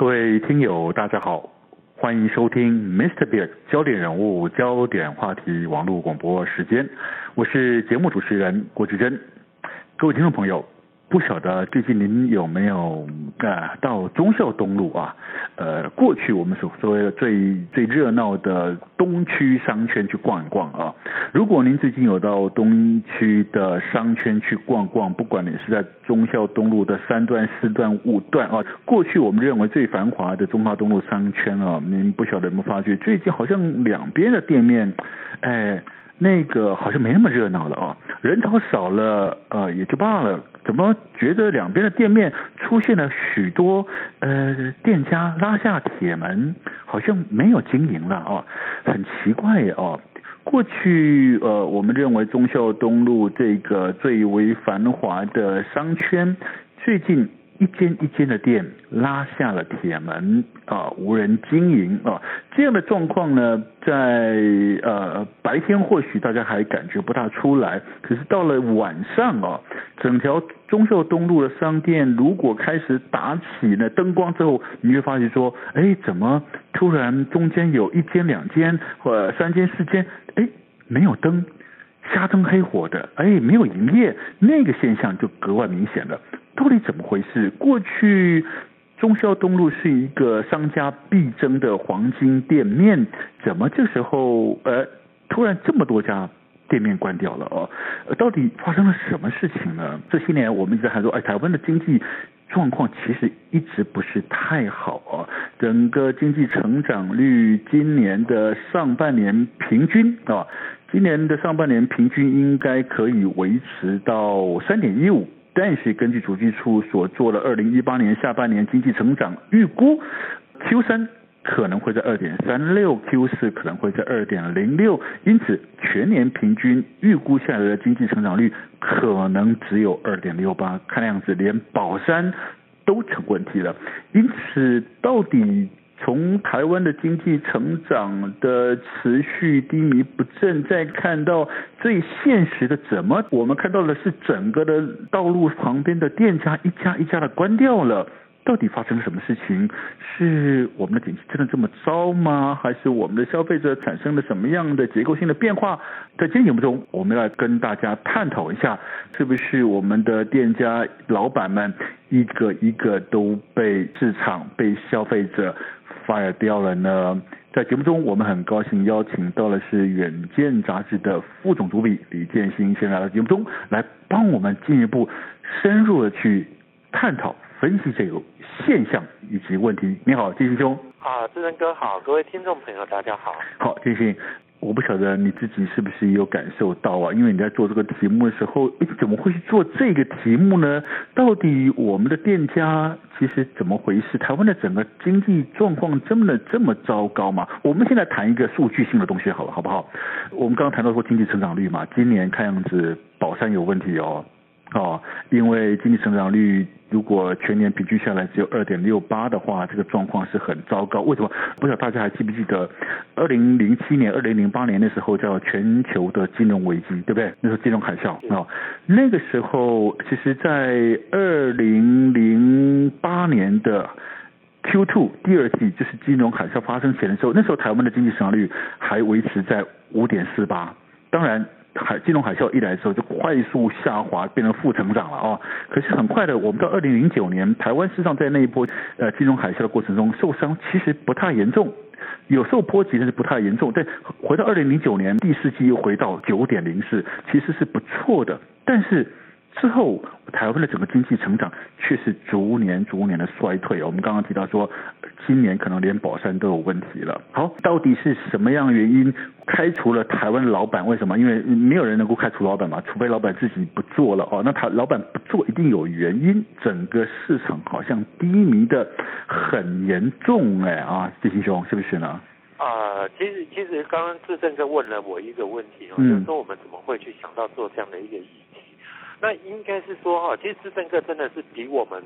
各位聽友，大家好，歡迎收聽 Mr.Big 焦點人物、焦點話題網絡廣播時間，我是節目主持人郭志珍。各位聽眾朋友。不曉得最近您有沒有啊到忠孝東路啊？呃，過去我們所謂的最最熱鬧的東區商圈去逛一逛啊。如果您最近有到東區的商圈去逛逛，不管你是在忠孝東路的三段、四段、五段啊，過去我們認為最繁華的忠孝東路商圈啊，您不曉得有沒有發覺，最近好像兩邊的店面，哎。那個好像沒那麼熱鬧了啊、哦，人頭少了，呃也就罷了，怎麼覺得兩邊的店面出現了許多呃店家拉下鐵門，好像沒有經營了哦，很奇怪哦。過去呃我們認為忠孝東路這個最為繁華的商圈，最近，一間一間的店拉下了鐵門啊，無人經營啊，這樣的狀況呢，在呃白天或許大家還感覺不大出來，可是到了晚上啊，整條忠孝東路的商店如果開始打起了燈光之後，你會發現說，哎，怎麼突然中間有一間、兩間或三間、四間，哎，沒有燈，瞎燈黑火的，哎，沒有營業，那個現象就格外明顯了。到底怎麼回事？過去忠孝東路是一個商家必爭的黃金店面，怎麼這時候呃突然這麼多家店面關掉了哦、啊？到底發生了什麼事情呢？這些年我們一直還說，哎，台灣的經濟狀況其實一直不是太好啊，整個經濟成長率今年的上半年平均啊，今年的上半年平均應該可以維持到三點一五。但是根據主計處所做的二零一八年下半年經濟成長預估，Q 三可能會在二點三六，Q 四可能會在二點零六，因此全年平均預估下來的經濟成長率可能只有二點六八，看樣子連保三都成問題了，因此到底。從台灣的經濟成長的持續低迷不振，再看到最現實的，怎麼我們看到的是整個的道路旁邊的店家一家一家的關掉了。到底發生了什麼事情？是我們的景氣真的這麼糟嗎？還是我們的消費者產生了什麼樣的結構性的變化？在今天節目中，我們要跟大家探討一下，是不是我們的店家老闆們一個一個都被市場、被消費者 fire 掉了呢？在節目中，我們很高興邀請到的是《遠見》雜誌的副總主筆李建興，先來到節目中來幫我們進一步深入的去探討。分析這個現象以及問題。你好，建興兄。啊，師誠哥好，各位聽眾朋友，大家好。好，建興，我不曉得你自己是不是也有感受到啊？因為你在做這個題目的時候、哎，你怎麼會去做這個題目呢？到底我們的店家其實怎麼回事？台灣的整個經濟狀況真的這麼糟糕嗎？我們現在談一個數據性的東西好了，好不好？我們剛剛談到說經濟成長率嘛，今年看樣子保三有問題哦。哦，因為經濟成長率如果全年平均下來只有二點六八的話，這個狀況是很糟糕。為什麼？不知道大家還記不記得，二零零七年、二零零八年那時候叫全球的金融危機，對不對？那時候金融海嘯啊、哦，那個時候其實，在二零零八年的 Q two 第二季，就是金融海嘯發生前的時候，那時候台灣的經濟成長率還維持在五點四八。當然。海金融海嘯一來的時候，就快速下滑，變成負成長了啊、哦！可是很快的，我們到二零零九年，台灣市場在那一波呃金融海嘯的過程中受傷其實不太嚴重，有受波及，但是不太嚴重。但回到二零零九年第四季又回到九點零四，其實是不錯的。但是。之後，台灣的整個經濟成長卻是逐年、逐年的衰退，哦。我們剛剛提到說，今年可能連寶山都有問題了。好，到底是什麼樣的原因開除了台灣老板？為什麼？因為沒有人能夠開除老板嘛，除非老板自己不做了哦。那他老板不做一定有原因，整個市場好像低迷的很嚴重哎、欸、啊，志興兄是不是呢？啊、呃，其實其實剛剛志勝就問了我一個問題哦，就是說我們怎麼會去想到做這樣的一個？那應該是說哈，其實智勝哥真的是比我們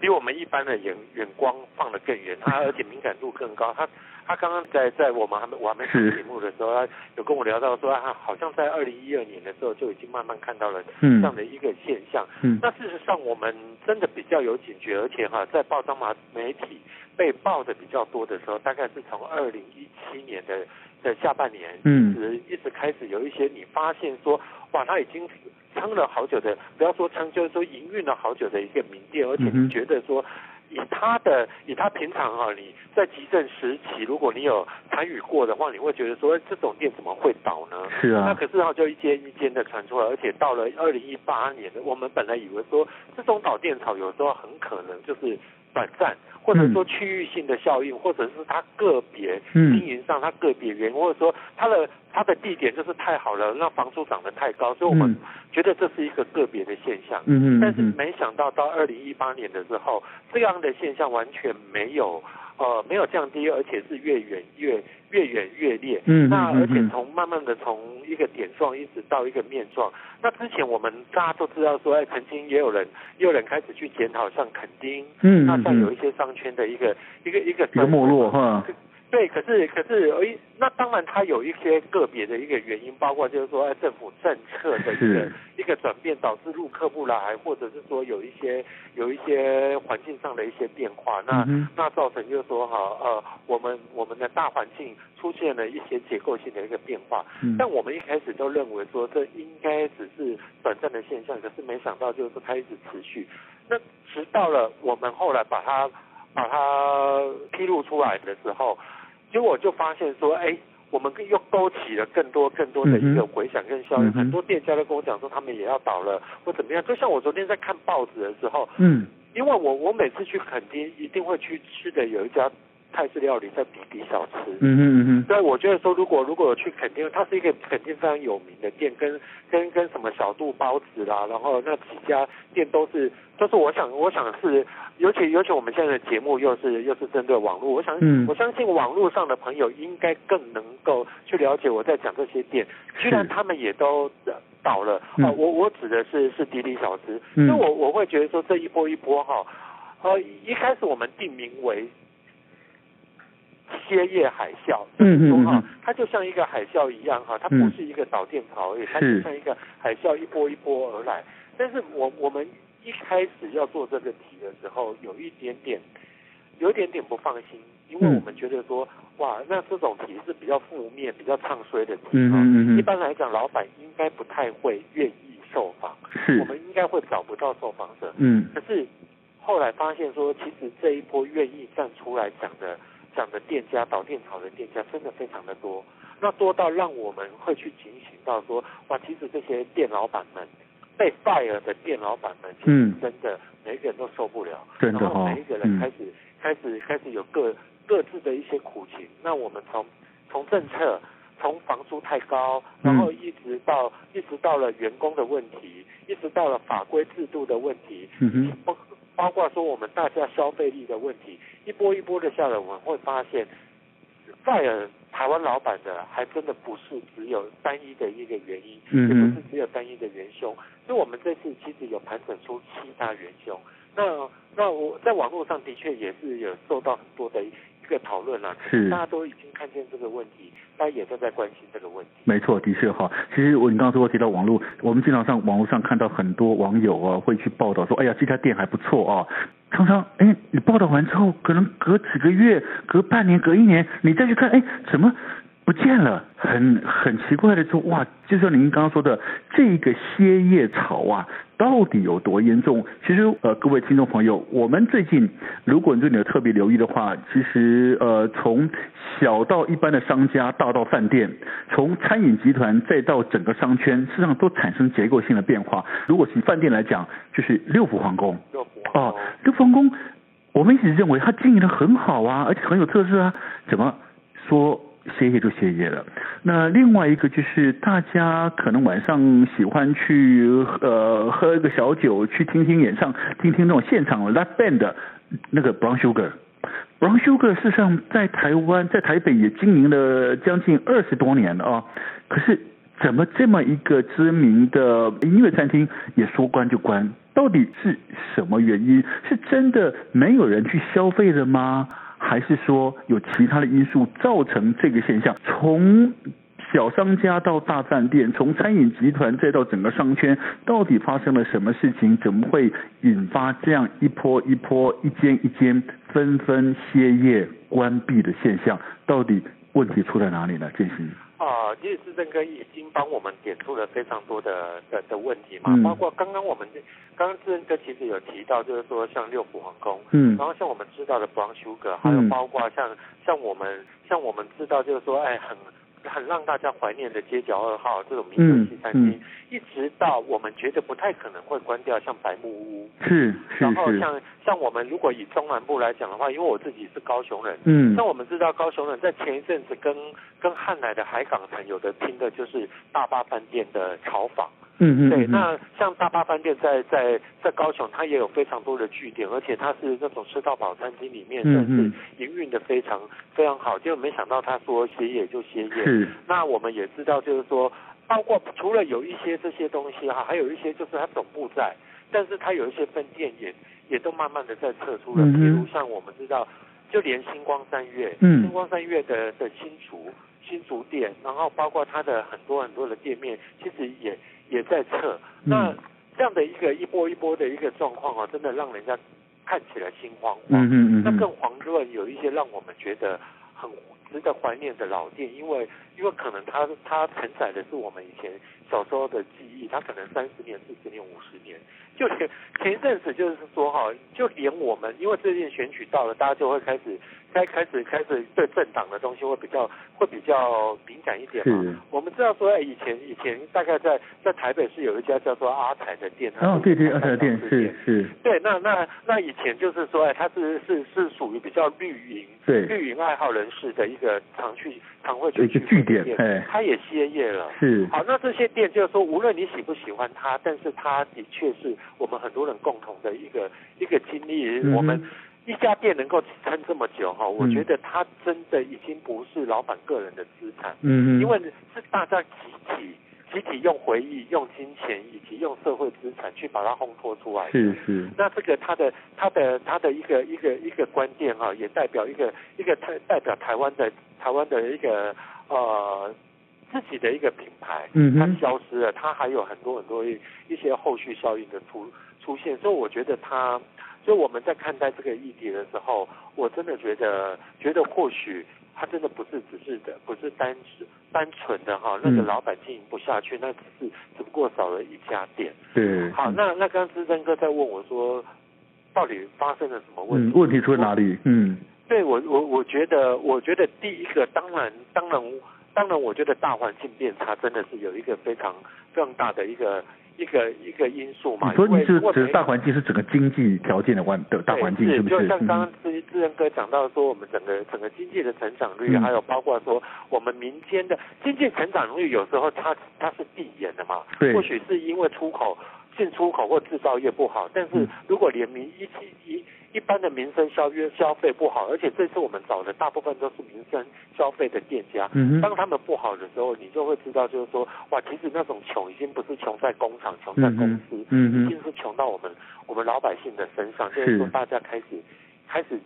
比我們一般的眼眼光放得更遠，他而且敏感度更高。他他剛剛在在我們還沒我還沒看節目的時候，他有跟我聊到說啊，他好像在二零一二年的時候就已經慢慢看到了這樣的一個現象。嗯。嗯那事實上我們真的比較有警覺，而且哈，在報章嘛媒體被報的比較多的時候，大概是從二零一七年的。的下半年，嗯，一直開始有一些你發現說，嗯、哇，他已經撐了好久的，不要說撐，就是說營運了好久的一個名店，而且你覺得說，以他的，以他平常哈、啊，你在急症時期，如果你有參與過的話，你會覺得說，這種店怎麼會倒呢？是啊，那可是哈、啊，就一間一間的傳出來，而且到了二零一八年，我們本來以為說，這種倒店潮有時候很可能就是。短暫，或者說區域性的效應，嗯、或者是它個別經營上它個別原因，嗯、或者說它的它的地點就是太好了，那房租漲得太高，所以我們。嗯覺得這是一個個別的現象，嗯嗯，但是沒想到到二零一八年的時候，這樣的現象完全沒有，呃，沒有降低，而且是越遠越越遠越烈，嗯哼哼，那而且從慢慢的從一個點狀一直到一個面狀，那之前我們大家都知道說，哎，曾經也有人，也有人開始去檢討像墾丁，嗯嗯像有一些商圈的一個一個一個一個沒落哈、啊。對，可是可是，那當然，它有一些個別的一個原因，包括就是說，在政府政策的一個是一個轉變，導致入客不來，或者是說有一些有一些環境上的一些變化，那、嗯、哼那造成就是說哈，呃，我們我們的大環境出現了一些結構性的一個變化。嗯、但我們一開始都認為說這應該只是短暫的現象，可是沒想到就是它一直持續。那直到了我們後來把它、嗯、把它披露出來的時候。所以我就發現說，哎，我們又勾起了更多更多的一個迴響跟效應。嗯、哼很多店家都跟我講說，他們也要倒了或怎麼樣。就像我昨天在看報紙的時候，嗯，因為我我每次去墾丁一定會去吃的有一家。泰式料理在迪迪小吃，嗯哼嗯嗯嗯。那我覺得說如，如果如果去肯定，它是一個肯定非常有名的店，跟跟跟什麼小杜包子啦，然後那幾家店都是就是。我想我想是，尤其尤其我們現在的節目又是又是針對網絡，我想、嗯、我相信網絡上的朋友應該更能夠去了解我在講這些店，雖然他們也都倒了是、呃。我我指的是是迪迪小吃，所以、嗯、我我會覺得說這一波一波哈、哦，呃，一開始我們定名為。歇業海嘯，嗯、就是啊。它就像一個海嘯一樣哈、啊，它不是一個倒店潮而已，它就像一個海嘯一波一波而來。但是我我們一開始要做這個題的時候，有一點點，有一點點不放心，因為我們覺得說，哇，那這種題是比較負面、比較唱衰的題嗯嗯、啊、一般來講，老闆應該不太會願意受訪，是我們應該會找不到受訪者。嗯。可是後來發現說，其實這一波願意站出來講的。這的店家，倒店潮的店家真的非常的多，那多到讓我們會去警醒到說，哇，其實這些店老闆們，嗯、被拜爾的店老闆們，其實真的每一個人都受不了，對、哦，然後每一個人開始、嗯、開始開始，開始有各各自的一些苦情，那我們從從政策，從房租太高，然後一直到、嗯、一直到了員工的問題，一直到了法規制度的問題，嗯嗯哼包包括說我們大家消費力的問題。一波一波的下來，我們會發現在、呃，在台灣老板的還真的不是只有單一的一個原因，嗯、哼也不是只有單一的元兇。所以我們這次其實有盤整出七大元兇。那那我在網絡上的確也是有受到很多的一個討論啊，是大家都已經看見這個問題，大家也正在關心這個問題。沒錯，的確哈。其實我你剛剛說我提到網絡，我們經常上網絡上看到很多網友啊會去報道說，哎呀，這家店還不錯啊。常常，哎，你報道完之後，可能隔幾個月、隔半年、隔一年，你再去看，哎，怎麼？不見了，很很奇怪的就哇，就像您剛剛說的，這個歇業潮啊，到底有多嚴重？其實呃，各位聽眾朋友，我們最近如果你對你有特別留意的話，其實呃，從小到一般的商家，大到飯店，從餐飲集團再到整個商圈，實際上都產生結構性的變化。如果是飯店來講，就是六福皇宮，六福皇宮哦，六福皇宮，我們一直認為它經營的很好啊，而且很有特色啊，怎麼說？歇業就歇業了，那另外一個就是大家可能晚上喜歡去呃喝一個小酒，去聽聽演唱，聽聽那種現場 live band 那個 Brown Sugar Brown Sugar 事實上在台灣在台北也經營了將近二十多年了啊，可是怎麼這麼一個知名的音樂餐廳也說關就關？到底是什麼原因？是真的沒有人去消費了嗎？還是說有其他的因素造成這個現象？從小商家到大飯店，從餐飲集團再到整個商圈，到底發生了什麼事情？怎麼會引發這樣一波一波、一間一間紛紛歇業、關閉的現象？到底問題出在哪裡呢？建興。啊，其實志振哥已經幫我們點出了非常多的的的問題嘛，包括剛剛我們剛剛志振哥其實有提到，就是說像六福皇宮，嗯，然後像我們知道的 Brown Sugar，還有包括像、嗯、像我們像我們知道就是說哎很。很讓大家懷念的街角二號這種民生西餐廳，嗯嗯、一直到我們覺得不太可能會關掉，像白木屋。是，是然後像像我們如果以中南部來講的話，因為我自己是高雄人。嗯。那我們知道高雄人在前一陣子跟跟漢來的海港城有得拼的就是大八飯店的炒房。嗯嗯，對，那像大八飯店在在在高雄，它也有非常多的據點，而且它是那種吃到飽餐廳裡面的，是營運的非常非常好，結果沒想到他說歇業就歇業。嗯是。那我們也知道，就是說，包括除了有一些這些東西哈，還有一些就是它總部在，但是它有一些分店也也都慢慢的在撤出了，比如像我們知道，就連星光三月，嗯，星光三月的的新竹新竹店，然後包括它的很多很多的店面，其實也。也在撤，那這樣的一個一波一波的一個狀況啊，真的讓人家看起來心慌慌。嗯哼嗯嗯。那更慌之外，有一些讓我們覺得很值得懷念的老店，因為因為可能它它承載的是我們以前小時候的記憶，它可能三十年、四十年、五十年，就前，前一陣子就是說哈，就連我們，因為最近選舉到了，大家就會開始。開開始開始對政黨的東西會比較會比較敏感一點嘛？是我們知道說，哎，以前以前大概在在台北市有一家叫做阿才的店啊，哦對對，阿才的店是是，電是是對，那那那以前就是說，哎，他是是是屬於比較綠營對綠營愛好人士的一個常去常會去去去店，他也歇業了。是。好，那這些店就是說，無論你喜不喜歡他，但是他的確是我們很多人共同的一個一個經歷。嗯、我們。一家店能夠撐這麼久哈，我覺得它真的已經不是老板個人的資產，嗯嗯哼，因為是大家集體、集體用回憶、用金錢以及用社會資產去把它烘托出來的，是，是。那這個他的、他的、他的一個、一個、一個觀點哈，也代表一個、一個代表台灣的、台灣的一個呃。自己的一個品牌，嗯，它消失了，它還有很多很多一一些後續效應的出出現，所以我覺得它，所以我們在看待這個議題的時候，我真的覺得覺得或許它真的不是只是的，不是單純單純的哈、哦、那個老板經營不下去，嗯、那只是只不過少了一家店，對，好，那那剛思真哥在問我說，到底發生了什麼問題？嗯、問題出在哪裡？嗯，我對我我我覺得我覺得第一個當然當然。當然當然，我覺得大環境變差真的是有一個非常非常大的一個一個一個因素嘛。所以、啊、你是，是大環境是整個經濟條件的關的大環境對是不是？就像剛剛志志任哥講到說，我們整個整個經濟的成長率，嗯、還有包括說我們民間的經濟成長率，有時候它它是必然的嘛。對。或許是因為出口進出口或制造業不好，但是如果聯名一起一。一般的民生，因為消費不好，而且這次我們找的大部分都是民生消費的店家。嗯哼當他們不好的時候，你就會知道，就是說，哇，其實那種窮已經不是窮在工廠、窮在公司，嗯哼已經是窮到我們、嗯、哼我們老百姓的身上。就是，所以說大家開始是開始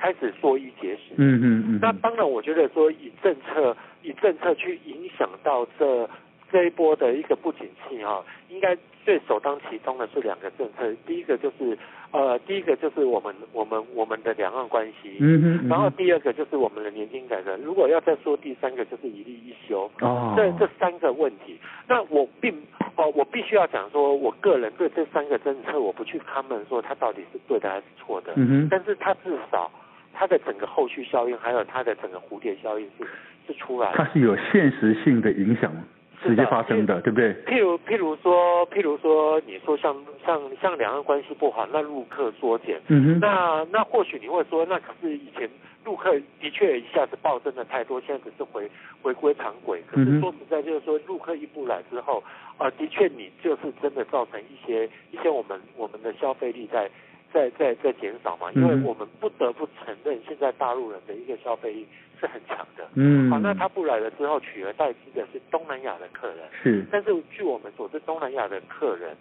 開始縮衣節食。嗯嗯哼嗯，那當然，我覺得說以政策以政策去影響到這。這一波的一個不景氣啊、哦，應該最首當其衝的是兩個政策，第一個就是呃，第一個就是我們我們我們的兩岸關係，嗯嗯哼然後第二個就是我們的年金改革。嗯、哼如果要再說第三個，就是一例一休，哦，這這三個問題，那我並哦我必須要講說，我個人對這三個政策，我不去 comment 說他到底是對的還是錯的，嗯嗯哼但是他至少他的整個後續效應，還有他的整個蝴蝶效應是是出來了，他是有現實性的影響嗎？直接發生的，對不對？譬如譬如說，譬如說，你說像像像兩岸關係不好，那陸客縮減，嗯哼，那那或許你會說，那可是以前陸客的確一下子暴增了太多，現在只是回回歸常軌。可是說實在，就是說陸客一不來之後，嗯、哼啊，的確你就是真的造成一些一些我們我們的消費力在。在在在減少嘛，因為我們不得不承認，現在大陸人的一個消費力是很強的。嗯，好、啊，那他不來了之後，取而代之的是東南亞的客人。是，但是據我們所知，東南亞的客人，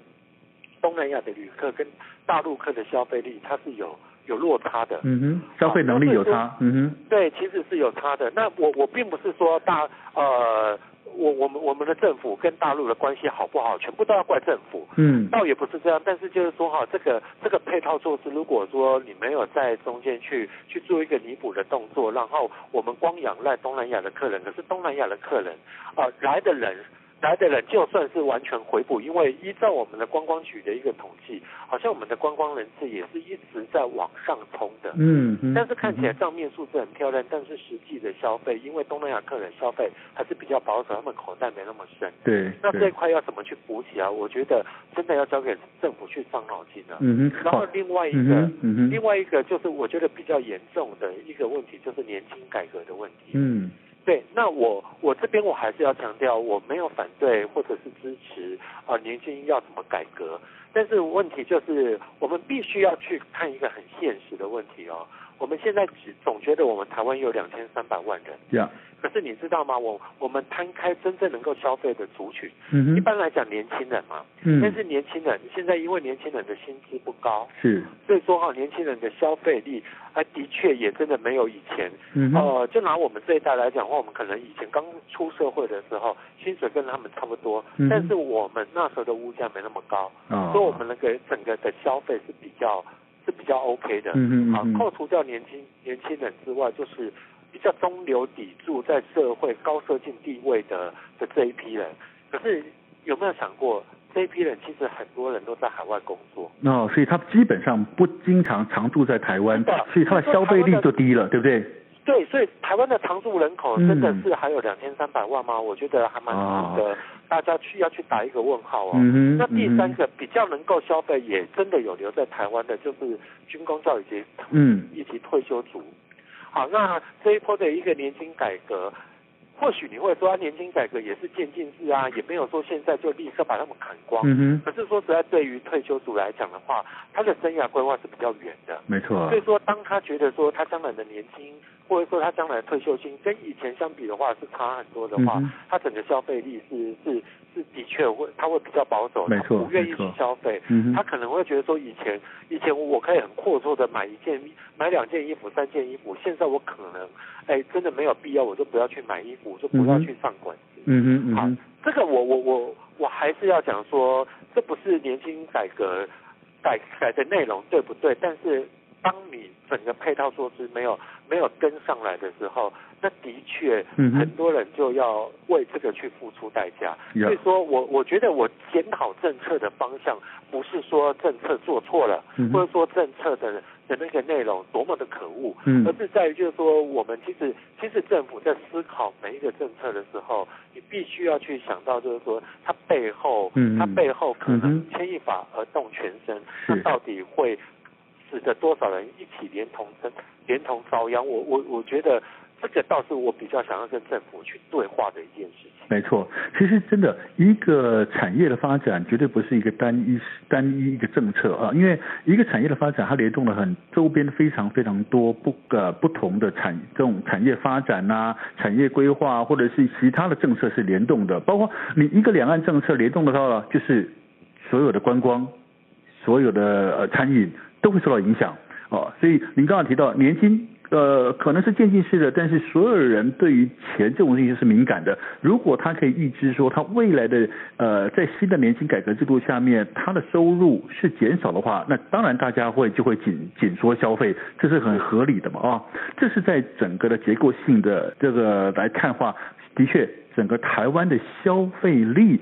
東南亞的旅客跟大陸客的消費力，它是有有落差的。嗯哼，消費能力有差。啊、嗯哼，對，其實是有差的。那我我並不是說大呃。我我們我們的政府跟大陸的關係好不好，全部都要怪政府。嗯，倒也不是這樣，但是就是說哈，這個這個配套措施，如果說你沒有在中間去去做一個彌補的動作，然後我們光仰賴東南亞的客人，可是東南亞的客人啊、呃，來的人。來的人就算是完全回補，因為依照我們的觀光局的一個統計，好像我們的觀光人次也是一直在往上衝的。嗯嗯哼。但是看起來賬面數字很漂亮，嗯、哼但是實際的消費，因為東南亞客人消費還是比較保守，他們口袋沒那麼深。對。那這塊要怎麼去補起來啊？我覺得真的要交給政府去傷腦筋了、啊。嗯嗯哼，然後另外一個，嗯，嗯另外一個就是我覺得比較嚴重的一個問題，就是年金改革的問題。嗯。對，那我我這邊我還是要強調，我沒有反對或者是支持啊、呃，年金要怎麼改革，但是問題就是，我們必須要去看一個很現實的問題哦。我們現在總覺得我們台灣有兩千三百萬人，對啊。可是你知道嗎？我我們攤開真正能夠消費的族群，嗯哼、mm。Hmm. 一般來講，年輕人嘛，嗯、mm。Hmm. 但是年輕人現在因為年輕人的薪資不高，是。所以說哈、啊，年輕人的消費力啊，的確也真的沒有以前，嗯哼、mm hmm. 呃。就拿我們這一代來講的話，我們可能以前剛出社會的時候，薪水跟他們差不多，嗯哼、mm。Hmm. 但是我們那時候的物價沒那麼高，oh. 所以，我們那個整個的消費是比較。是比較 OK 的，嗯嗯嗯。啊，扣除掉年輕年輕人之外，就是比較中流砥柱，在社會高社經地位的的這一批人。可是有沒有想過，這一批人其實很多人都在海外工作，哦，所以他基本上不經常常住在台灣，的所以他的消費力就低了，對不對？對，所以台灣的常住人口真的是還有兩千三百萬嗎？嗯、我覺得還蠻好的，哦、大家去要去打一個問號哦。嗯、哼那第三個、嗯、哼比較能夠消費也真的有留在台灣的，就是軍公教，嗯，以及退休族。好，那這一波的一個年金改革，或許你會說啊，年金改革也是漸進式啊，也沒有說現在就立刻把他們砍光。嗯哼可是說實在，對於退休族來講的話，他的生涯規劃是比較遠的，沒錯、啊。所以說，當他覺得說他將來的年金。或者說他將來退休金跟以前相比的話是差很多的話，嗯、哼他整個消費力是是是的確會他會比較保守，沒錯，他不願意去消費，嗯、他可能會覺得說以前以前我可以很闊綽的買一件買兩件衣服三件衣服，現在我可能哎真的沒有必要，我就不要去買衣服，我就不要去上館子。嗯哼、啊、嗯好哼，這個我我我我還是要講說，這不是年金改革改，改，改的內容對不對？但是。當你整個配套措施沒有沒有跟上來的時候，那的確，嗯很多人就要為這個去付出代價。嗯、哼所以說我我覺得我檢討政策的方向，不是說政策做錯了，嗯、哼或者說政策的的那個內容多麼的可惡，嗯，而是在於就是說，我們其實其實政府在思考每一個政策的時候，你必須要去想到，就是說它背後，嗯哼它背後可能牽一髮而動全身，嗯、哼它到底會。是的，多少人一起連同着連同遭殃，我我我覺得這個倒是我比較想要跟政府去對話的一件事情。沒錯，其實真的一個產業的發展絕對不是一個單一單一一個政策啊，因為一個產業的發展它聯動了很周邊非常非常多不呃不同的產這種產業發展吶、啊、產業規劃或者是其他的政策是聯動的，包括你一個兩岸政策聯動的時候，就是所有的觀光、所有的呃餐飲。都會受到影響啊、哦，所以您剛剛提到年金呃，可能是漸進式的，但是所有人對於錢這種東西是敏感的。如果他可以預知說他未來的，呃，在新的年金改革制度下面，他的收入是減少的話，那當然大家會就會緊緊縮消費，這是很合理的嘛啊、哦，這是在整個的結構性的這個來看的話，的確，整個台灣的消費力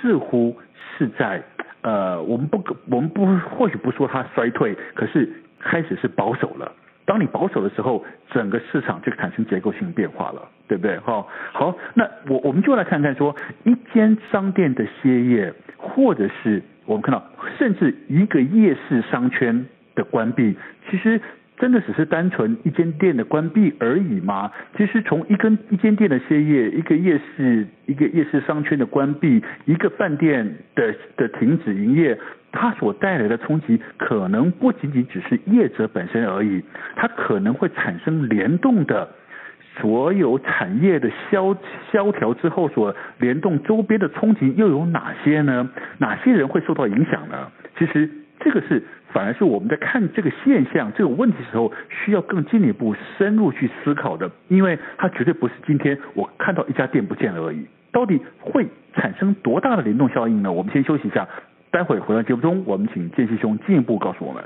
似乎是在。呃，我們不可，我們不，或許不說它衰退，可是開始是保守了。當你保守的時候，整個市場就產生結構性變化了，對不對？哈，好，那我我們就來看看說，一間商店的歇業，或者是我們看到，甚至一個夜市商圈的關閉，其實。真的只是單純一間店的關閉而已嗎？其實從一根一間店的歇業，一個夜市，一個夜市商圈的關閉，一個飯店的的停止營業，它所帶來的衝擊可能不僅僅只是業者本身而已，它可能會產生聯動的，所有產業的蕭蕭條之後所聯動周邊的衝擊又有哪些呢？哪些人會受到影響呢？其實這個是。反而是我們在看這個現象、這個問題的時候，需要更進一步深入去思考的，因為它絕對不是今天我看到一家店不見了而已。到底會產生多大的聯動效應呢？我們先休息一下，待會回到節目中，我們請建興兄進一步告訴我們。